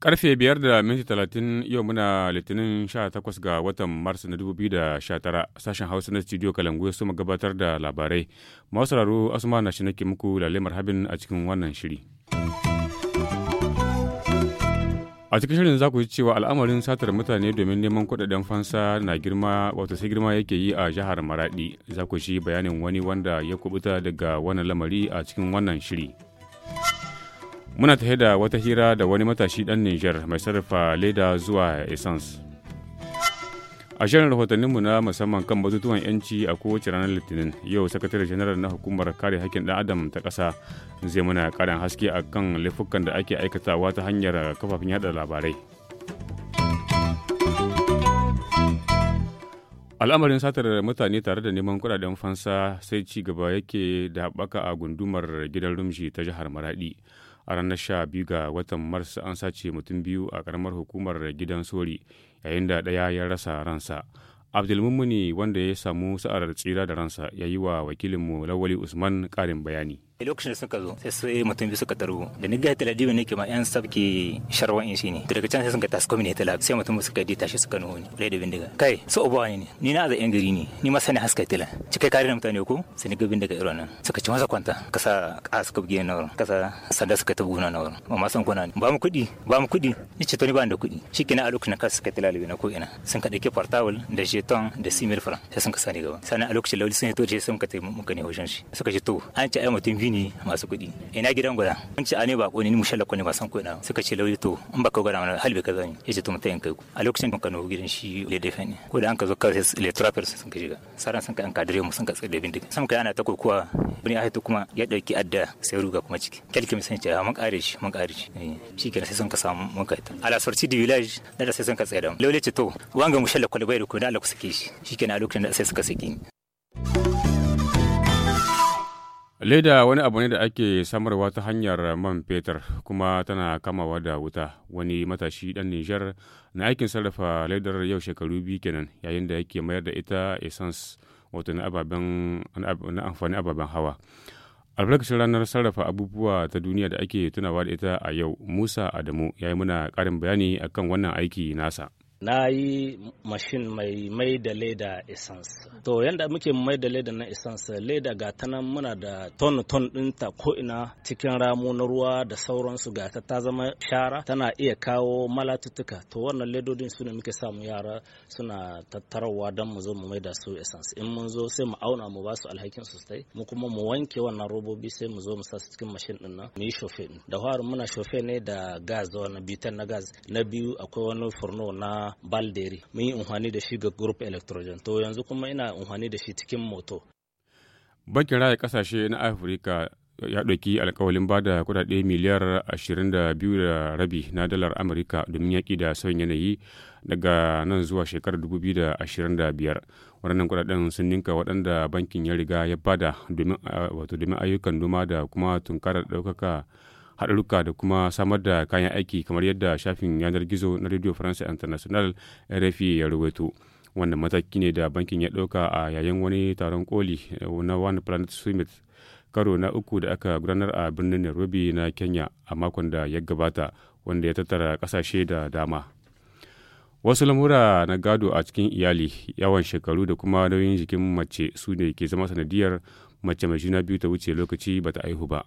Karfe biyar da minti talatin yau muna litinin sha takwas ga watan Mars na dubu biyu da sha tara sashen Hausa na studio Kalangu su gabatar da labarai. Masu sauraro Asuma na shi nake muku lalemar habin a cikin wannan shiri. a cikin shirin za ku ji cewa al'amarin satar mutane domin neman kuɗaɗen fansa na girma wato sai girma yake yi a jihar maradi za ku shi bayanin wani wanda ya kubuta daga wannan lamari a cikin wannan shiri muna ta da wata hira da wani matashi ɗan niger mai sarrafa leda zuwa essence a shirin rahotanninmu na musamman kan batutuwan yanci a kowace ranar litinin yau sakatare janar na hukumar kare haƙƙin ɗan adam ta ƙasa zai muna ƙarin haske a kan laifukan da ake aikatawa ta hanyar kafafen yaɗa labarai al'amarin satar mutane tare da neman kuɗaɗen fansa sai ci gaba yake da haɓaka a gundumar gidan rumshi ta jihar maraɗi a ranar sha biyu ga watan mars an sace mutum biyu a karamar hukumar gidan sori yayin da ɗaya ya rasa ransa abdulmumuni wanda ya samu sa'ar tsira da ransa ya yi wa wakilinmu lawali usman ƙarin bayani lokacin da suka zo sai sai mutum biyu suka tarbo da ni gaya taladibi ne ke ma yan sabki sharwan in shi ne daga can sai sun ka tasko mini talabi sai mutum suka yi tashi suka nuhu ne rai da bindiga kai so uba ne ni na azan yan gari ne ni ma sani haska tila cikai kare mutane ko sai ni ga bindiga irin nan suka ci masa kwanta kasa a suka bugi na wurin kasa sanda suka tabu na wurin amma san kuna ne ba mu kudi ba mu kudi ni ce to ni ba da kudi shi ke na a lokacin kasa suka tila na ko ina sun ka dauke portable da jeton da simil franc sai sun ka sani gaba sannan a lokacin lauli sun yi to sai sun ka taimaka ne hoshin shi suka ce to an ce ai mutum biyu tsofaffi ne masu kuɗi ina gidan guda an ci a ne bako ne ni ko ne ba san ko ina suka ce lauyi to in baka gwada mana halbe ka ne yace to mutayin kai ku a lokacin kan kano gidan shi le defen ko da an ka zo ka le trapper sun ka shiga saran sun ka an kadire mu sun ka tsire bindiga sam kai ana ta kokuwa bin ahito kuma ya dauki adda sai ruga kuma ciki kalki mun san ce mun kare shi mun kare shi eh, shi kenan sai sun ka samu mun kai ta ala sorti di village da sai sun ka tsaya da mu lauyi ce to wanga ko ne bai da ku da Allah ku sake shi shi kenan a lokacin da sai suka sake ni Leda wani abu ne da ake samarwa ta hanyar man fetur kuma tana kamawa da wuta. Wani matashi dan Nijar na aikin sarrafa ledar yau shekaru biyu kenan yayin da yake mayar da ita essence wato na amfani ababen hawa. Albarkacin ranar sarrafa abubuwa ta duniya da ake tunawa da ita a yau, Musa Adamu ya yi muna karin bayani akan wannan aiki nasa. na yi mashin mai mai da leda essence to yanda muke mai da leda na essence leda ga ta nan muna da ton ton ɗinta ko ina cikin ramu na ruwa da sauransu ga ta ta zama shara tana iya kawo malatuttuka to wannan ledodin su ne muke samu yara suna tattarawa don mu zo mu mai da su essence in mun zo sai mu auna mu ba su alhakin su sai mu kuma mu wanke wannan robobi sai mu zo mu sa su cikin mashin ɗin nan mu yi shofe da fara muna shofe ne da gas da wani bitan na gas na biyu akwai wani furno na balderi mun yi unhwani da shi ga group electrogen to yanzu kuma ina unhwani da shi cikin moto bankin raya kasashe na afirka ya ɗauki alkawalin ba da kudade miliyar rabi na dalar amurka domin yaƙi da sauyin yanayi daga nan zuwa shekarar 2025 waɗannan kudaden sun ninka waɗanda bankin ya riga ya bada domin ayyukan noma da kuma tunkarar ɗaukaka haɗaruka da kuma samar da kayan aiki kamar yadda shafin yanar gizo na radio france international rfi ya rubuto wannan mataki ne da bankin ya ɗauka a yayin wani taron koli eh, na one planet summit karo na uku da aka gudanar a birnin nairobi na kenya a makon da ya gabata wanda ya tattara ƙasashe da dama wasu lamura na gado a cikin iyali yawan shekaru da kuma nauyin jikin mace su ne ke zama sanadiyar mace mai juna biyu ta wuce lokaci bata aihu ba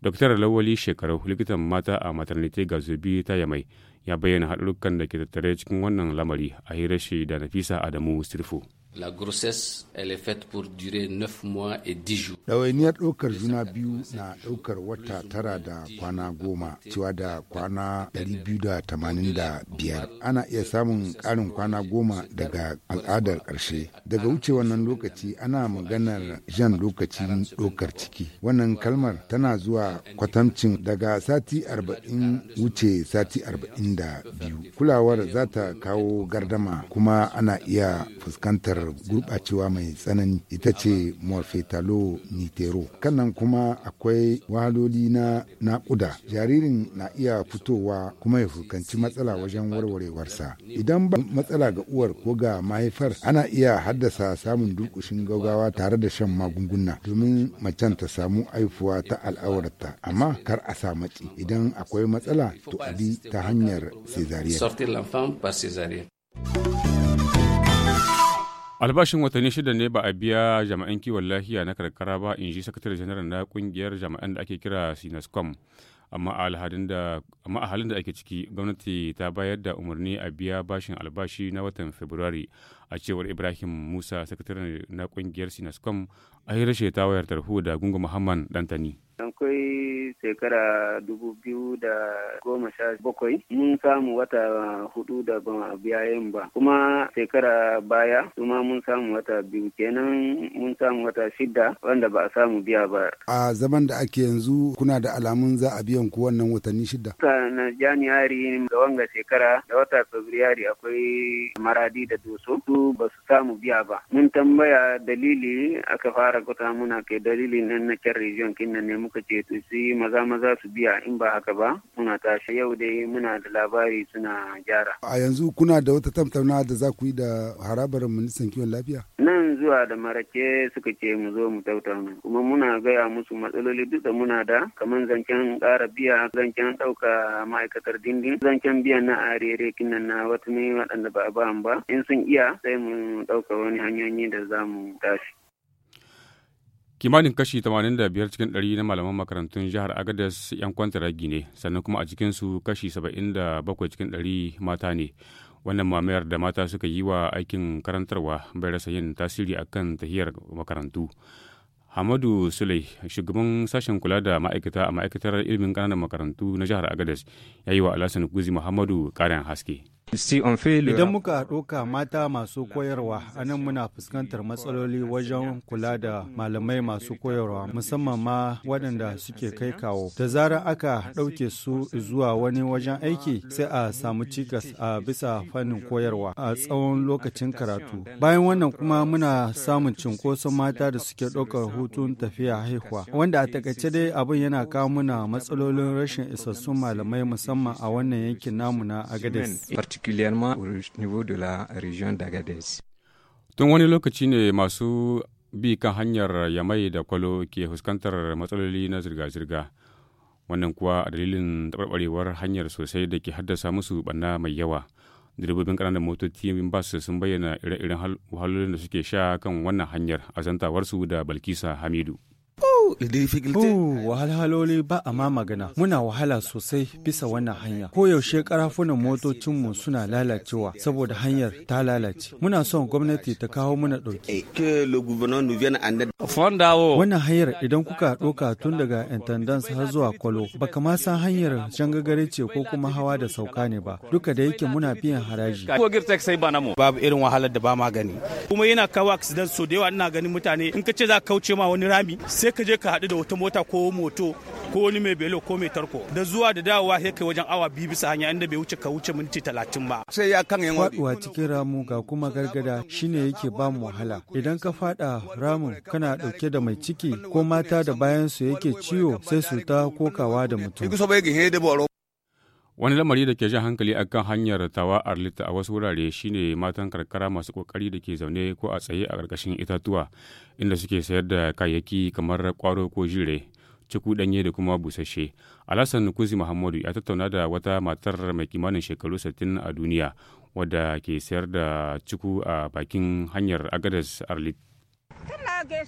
Dr. Lawali shekaru likitan mata a maternity zubi ta Yamai ya bayyana haɗarukan da ke tattare cikin wannan lamari a hirar shi da Nafisa Adamu sirfu. La grossesse, elle est faite pour durer 9 mois et 10 jours. Ɗawainiyar ɗaukar juna biyu na ɗaukar wata tara da kwana goma, cewa da kwana 285. Ana iya samun ƙarin kwana goma daga al'adar ƙarshe. Daga wuce wannan lokaci ana maganar jan lokacin ɗaukar ciki. Wannan kalmar tana zuwa kwatancin daga sati 40 wuce sati 42. Kulawar za ta kawo gardama kuma ana iya fuskantar illar gurɓacewa mai tsanani ita ce morfetalo nitero kannan kuma akwai wahaloli na naƙuda jaririn na iya fitowa kuma ya fuskanci matsala wajen warwarewarsa idan ba matsala ga uwar ko ga mahaifar ana iya haddasa samun durƙushin gaugawa tare da shan magunguna domin macen ta samu haifuwa ta al'awarta amma kar a sa matsi idan akwai matsala to a ta hanyar cesarean. albashin watanni shida ne ba a biya jami'an kiwon lafiya na karkara ba in ji sakatare janar na kungiyar jami'an da ake kira sinascom amma a halin da ake ciki gwamnati ta bayar da umarni a biya bashin albashi na watan february a cewar ibrahim musa sakatare na kungiyar sinascom a rashe ta wayar tarho da gungu muhammad dantani shekara dubu biyu da goma sha bakwai mun samu wata hudu da ba biyayen ba kuma shekara baya kuma mun samu wata biyu kenan mun samu wata shida wanda ba a samu biya ba. A zaman da ake yanzu kuna da alamun za a biyan ku wannan watanni shida? Na Janiyari da wanga shekara da wata Fabrairu akwai maradi da doso su ba su samu biya ba. Mun tambaya dalili aka fara kuta muna kai dalili nan na kyan region kin ne muka ce to su yi maza maza maza su biya in ba haka ba muna tashi yau dai muna da labari suna gyara. A yanzu kuna da wata tattauna da za ku yi da harabar ministan kiwon lafiya? Nan zuwa da marake suka ce mu zo mu tattauna kuma muna gaya musu matsaloli duk da muna da kamar zancen ƙara biya zancen ɗauka ma'aikatar dindin zancen biyan na arere kinan na wata ne waɗanda ba a ba in sun iya sai mu ɗauka wani hanyoyi da za mu tashi. kimanin kashi 85 cikin 100 na malaman makarantun jihar agadez 'yan kwantaragi ne sannan kuma a cikinsu kashi 77 cikin 100 mata ne wannan mamayar da mata suka yi wa aikin karantarwa bai rasa yin tasiri akan tahiyar makarantu hamadu sulai shugaban sashen kula da ma'aikata a ma'aikatar ilimin ƙananan makarantu na jihar agadez ya yi wa alasan guzi muhammadu ƙarin haske Idan muka ɗauka mata masu koyarwa, anan muna fuskantar matsaloli wajen kula da malamai masu koyarwa, musamman ma waɗanda suke kai kawo. Da zarar aka ɗauke su zuwa wani wajen aiki, sai a samu cikas a bisa fannin koyarwa a tsawon lokacin karatu. Bayan wannan kuma muna samun cinkoson mata da suke ɗaukar hutun tafiya haihuwa, wanda a takaice dai abin yana kawo muna matsalolin rashin isassun malamai musamman a wannan yankin namu na Agadez. particulièrement au niveau de la région d'Agadez. Tun wani lokaci ne masu bi kan hanyar ya mai da Kwalo ke fuskantar matsaloli na zirga-zirga. Wannan kuwa a dalilin taɓarɓarewar hanyar sosai da ke haddasa musu banna mai yawa. Direbobin ƙananan motoci bas sun bayyana ire-iren wahalolin da suke sha kan wannan hanyar a zantawarsu da Balkisa Hamidu. wahalhaloli ba a ma magana. Muna wahala sosai bisa wannan hanya. Koyaushe karafunan motocinmu suna lalacewa saboda hanyar ta lalace. Muna son gwamnati ta kawo muna ɗauki. Wannan hanyar idan kuka doka tun daga intendance har zuwa kwalo, ba kama san hanyar shangagare ce ko kuma hawa da sauka ne ba. Duka da yake muna biyan haraji. Ko ba Babu irin wahalar da ba magani. Kuma yana kawo accident so da yawa ina ganin mutane in ka ce za ka kauce ma wani rami sai ka je ka haɗu da wata mota ko moto ko wani mai belo ko mai tarko da zuwa da dawowa sai kai wajen awa biyu bisa hanya inda bai wuce ka wuce minti talatin ba sai ya kan yanwa faɗuwa cikin ramu ga kuma gargada shine yake ba mu wahala idan ka faɗa ramun kana ɗauke da mai ciki ko mata da bayan su yake ciwo sai su ta kokawa da mutum Wani lamari da ke jan hankali a kan hanyar tawa Arlita a wasu wurare shine matan karkara masu kokari da ke zaune ko a tsaye a ƙarƙashin itatuwa inda suke sayar da kayayyaki kamar kwaro ko jire, ciku ɗanye da kuma busasshe. Alhassan Kuzi Muhammadu ya tattauna da wata matar mai kimanin shekaru 60 a duniya wadda ke sayar da ciku a bakin hanyar Agadas Arlit.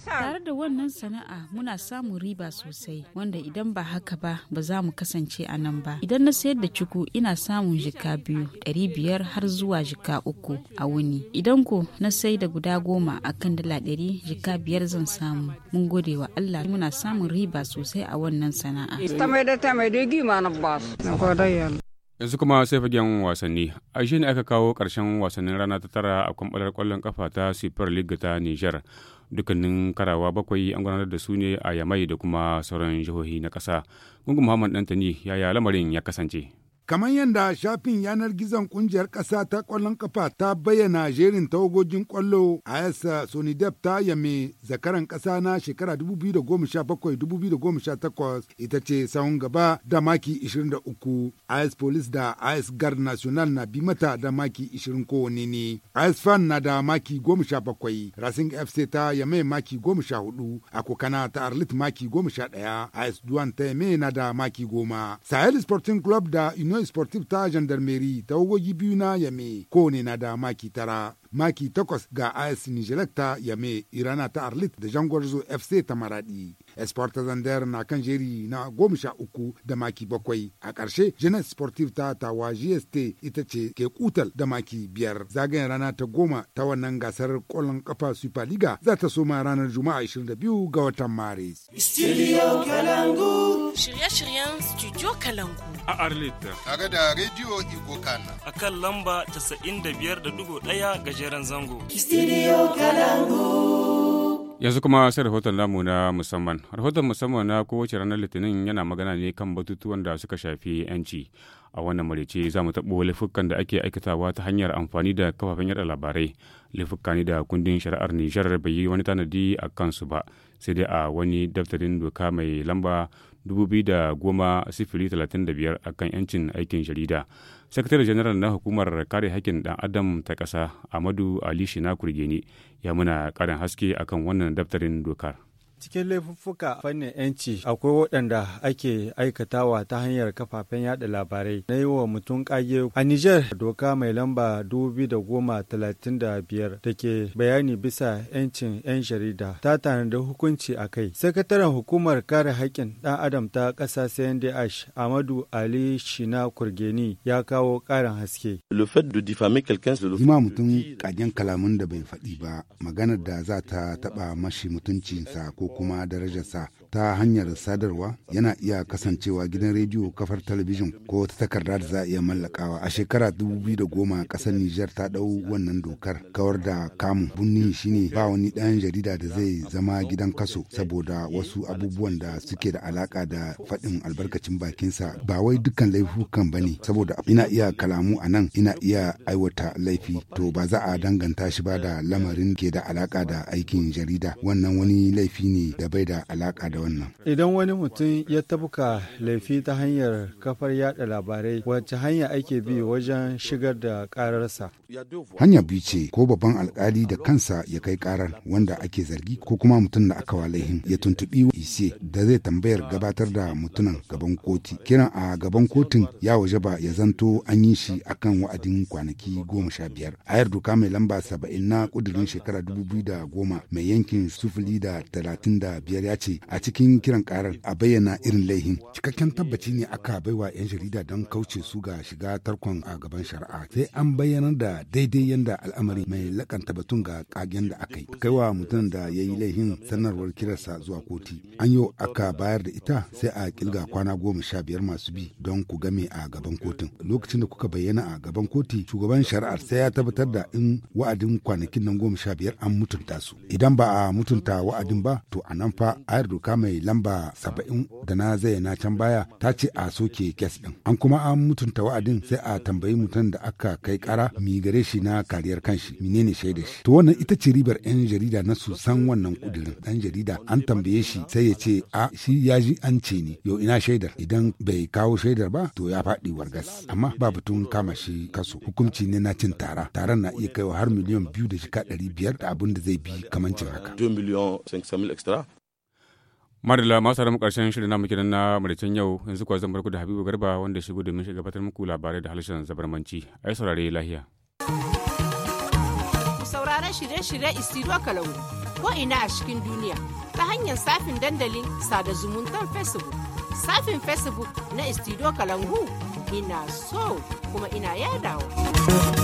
Tare da wannan sana'a muna samun riba sosai wanda idan ba haka ba ba za mu kasance a nan ba. Idan na sayar da cuku ina samun jika biyu ɗari biyar har zuwa jika uku a wuni. Idan ko na sai da guda goma a kan dala ɗari jika biyar zan samu. Mun gode wa Allah muna samun riba sosai a wannan sana'a. yanzu kuma sai fagen wasanni a shi ne aka kawo ƙarshen wasannin rana ta tara a kwamɓalar kwallon kafa ta super league ta niger dukkanin karawa bakwai an gudanar da su ne a yamai da kuma sauran jihohi na ƙasa gungun muhammad dantani yaya lamarin ya kasance Kamar yadda shafin yanar gizon kungiyar ƙasa ta ƙwallon ƙafa ta bayyana jerin tawagogin ƙwallo a yasa Sonidep ta yame zakaran ƙasa na shekara 2017-2018 ita ce sahun gaba da maki 23. AS Police da AS Guard National na bi mata da maki 20 kowane ne. AS Fan na da maki 17, Racing FC ta yame maki 14, Akokana ta Arlit maki 11, AS Duan ta yame na da maki 10. Sahel Sporting Club da Union union sportive ta gendarmerie tawagogi biyu na yame ne na da maki tara maki takwas ga as nijelek ta yame irana ta arlit da jangwarzo fc ta maradi Esparta Zander na kan jeri na goma sha uku da maki bakwai. A ƙarshe, Jeunesse Sportive ta tawa GST ita ce ke kutal da maki biyar. Zagayen rana ta goma ta wannan gasar ƙwallon ƙafa Super Liga za ta soma ranar Juma'a 22 ga watan Maris. Studio Kalangu. Shirye-shiryen Studio Kalangu. A Arlita. Tare da Radio Igo Kana. A kan lamba 95.1 gajeren zango. Studio Kalangu. Yanzu kuma sai rahoton namu na musamman. Rahoton musamman na kowace ranar Litinin yana magana ne kan batutuwan da suka shafi 'yanci. A wannan marice za mu taɓo laifukan da ake aikatawa ta hanyar amfani da kafafen yada labarai. Laifuka ne da kundin shari'ar Nijar bai yi wani tanadi a kansu ba, sai dai a wani daftarin doka mai lamba dubu da goma sifili talatin da a kan 'yancin aikin jarida. sakatare janaral na hukumar kare hakkin ɗan adam ta ƙasa amadu ali shina ya muna ƙarin haske akan wannan daftarin dokar Cikin laifuffuka fannin 'yanci akwai waɗanda ake aikatawa ta hanyar kafafen yada labarai na yi wa mutum kage A Nijar doka mai lamba talatin da ke bayani bisa 'yancin 'yan jarida ta tanada hukunci a kai. Sakataren hukumar kare haƙƙin ɗan adam ta ƙasa CNDH Amadu Ali Shina Kurgeni ya kawo ƙarin haske. Ima mutum ƙagen kalamun da bai faɗi ba maganar da za ta taɓa mashi mutuncinsa ko kuma darajarsa ta hanyar sadarwa yana iya kasancewa gidan rediyo kafar talabijin ko ta takarda da za a iya mallakawa a shekara 2010 kasar Nijar ta dau wannan dokar kawar da kamun bunni shine ba wani ɗayan jarida da zai zama gidan kaso saboda wasu abubuwan da suke da alaka da faɗin albarkacin bakinsa ba wai dukkan laifukan ba ne. saboda ina iya kalamu a nan ina iya aiwata laifi to ba za a danganta shi ba da lamarin ke da alaka da aikin jarida wannan wani laifi ne da bai da alaka da wannan idan wani mutum ya tabuka laifi ta hanyar kafar yada labarai wacce hanya ake bi wajen shigar da kararsa hanya biyu ce ko babban alkali da kansa ya kai karar wanda ake zargi ko kuma mutum da aka laihin ya tuntubi ise da zai tambayar gabatar da mutumin gaban koti kiran a gaban kotun ya waje ba ya zanto an yi shi akan wa'adin kwanaki goma sha biyar ayar doka mai lamba saba'in na kudirin shekara dubu biyu da goma mai yankin sufuli da talatin da biyar ya ce a cikin cikin kiran karar a bayyana irin laihin cikakken tabbaci ne aka baiwa 'yan jarida don kauce su ga shiga tarkon a gaban shari'a sai an bayyana da daidai yadda al'amari mai lakanta batun ga kagen da aka yi kaiwa mutum da ya yi laihin sanarwar kirarsa zuwa koti an yau aka bayar da ita sai a kilga kwana goma sha biyar masu bi don ku game a gaban kotun lokacin da kuka bayyana a gaban koti shugaban shari'ar sai ya tabbatar da in wa'adin kwanakin nan goma sha biyar an mutunta su idan ba a mutunta wa'adin ba to a nan fa ayar doka mai lamba saba'in da na zayyana can baya ta ce a soke kes ɗin. An kuma an mutunta wa'adin sai a tambayi mutum da aka kai kara mi gare shi na kariyar kanshi menene shaida shi. To wannan ita ce ribar 'yan jarida na su san wannan kudirin. Ɗan jarida an tambaye shi sai ya ce a shi ya ji an ce ni yau ina shaidar idan bai kawo shaidar ba to ya faɗi wargas amma ba batun kama shi kaso hukunci ne na cin tara taron na iya kaiwa har miliyan biyu da shika ɗari biyar da abin da zai bi kamancin haka. madalla masu haramu karshen shirin namu kenan na maricin yau yanzu kuwa zan barku da habibu garba wanda shigo domin shiga gabatar muku labarai da harshen zabarmanci a yi saurare lahiya sauraron shirye-shirye istiro kalau ko ina a cikin duniya ta hanyar safin dandalin sada zumuntar facebook safin facebook na istiro kalangu ina so kuma ina yadawa